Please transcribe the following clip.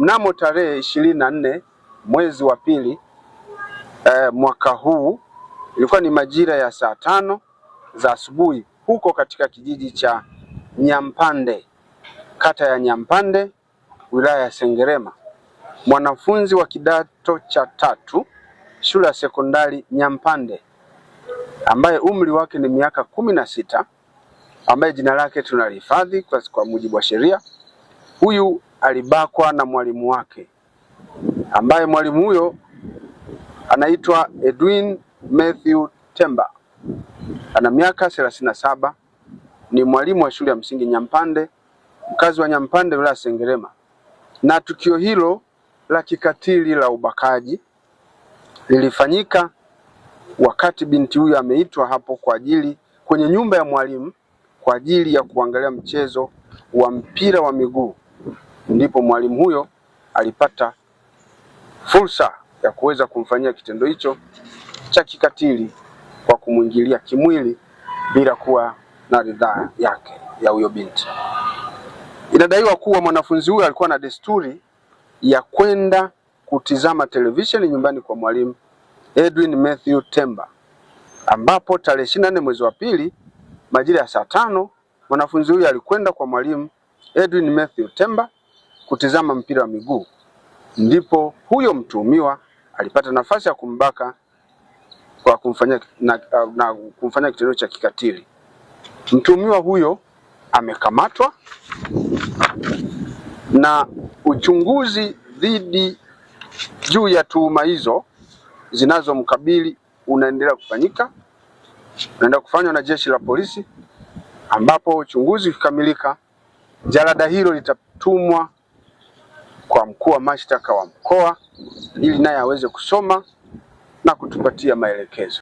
mnamo tarehe ishirini na nne mwezi wa pili eh, mwaka huu ilikuwa ni majira ya saa tano za asubuhi huko katika kijiji cha Nyampande kata ya Nyampande wilaya ya Sengerema, mwanafunzi wa kidato cha tatu shule ya sekondari Nyampande ambaye umri wake ni miaka kumi na sita ambaye jina lake tunalihifadhi kwa, kwa mujibu wa sheria. Huyu alibakwa na mwalimu wake ambaye mwalimu huyo anaitwa Edwin Matthew Temba, ana miaka thelathini na saba, ni mwalimu wa shule ya msingi Nyampande, mkazi wa Nyampande, wilaya Sengerema, na tukio hilo la kikatili la ubakaji lilifanyika wakati binti huyo ameitwa hapo kwa ajili kwenye nyumba ya mwalimu kwa ajili ya kuangalia mchezo wa mpira wa miguu ndipo mwalimu huyo alipata fursa ya kuweza kumfanyia kitendo hicho cha kikatili kwa kumwingilia kimwili bila kuwa na ridhaa yake ya huyo binti. Inadaiwa kuwa mwanafunzi huyo alikuwa na desturi ya kwenda kutizama televisheni nyumbani kwa mwalimu Edwin Matthew Temba, ambapo tarehe ishirini na nne mwezi wa pili majira ya saa tano mwanafunzi huyo alikwenda kwa mwalimu Edwin Matthew Temba kutizama mpira wa miguu, ndipo huyo mtuhumiwa alipata nafasi ya kumbaka kwa kumfanyia na, na kumfanyia kitendo cha kikatili. Mtuhumiwa huyo amekamatwa na uchunguzi dhidi juu ya tuhuma hizo zinazomkabili unaendelea kufanyika, unaendelea kufanywa na jeshi la polisi, ambapo uchunguzi ukikamilika, jalada hilo litatumwa kwa mkuu wa mashtaka wa mkoa ili naye aweze kusoma na kutupatia maelekezo.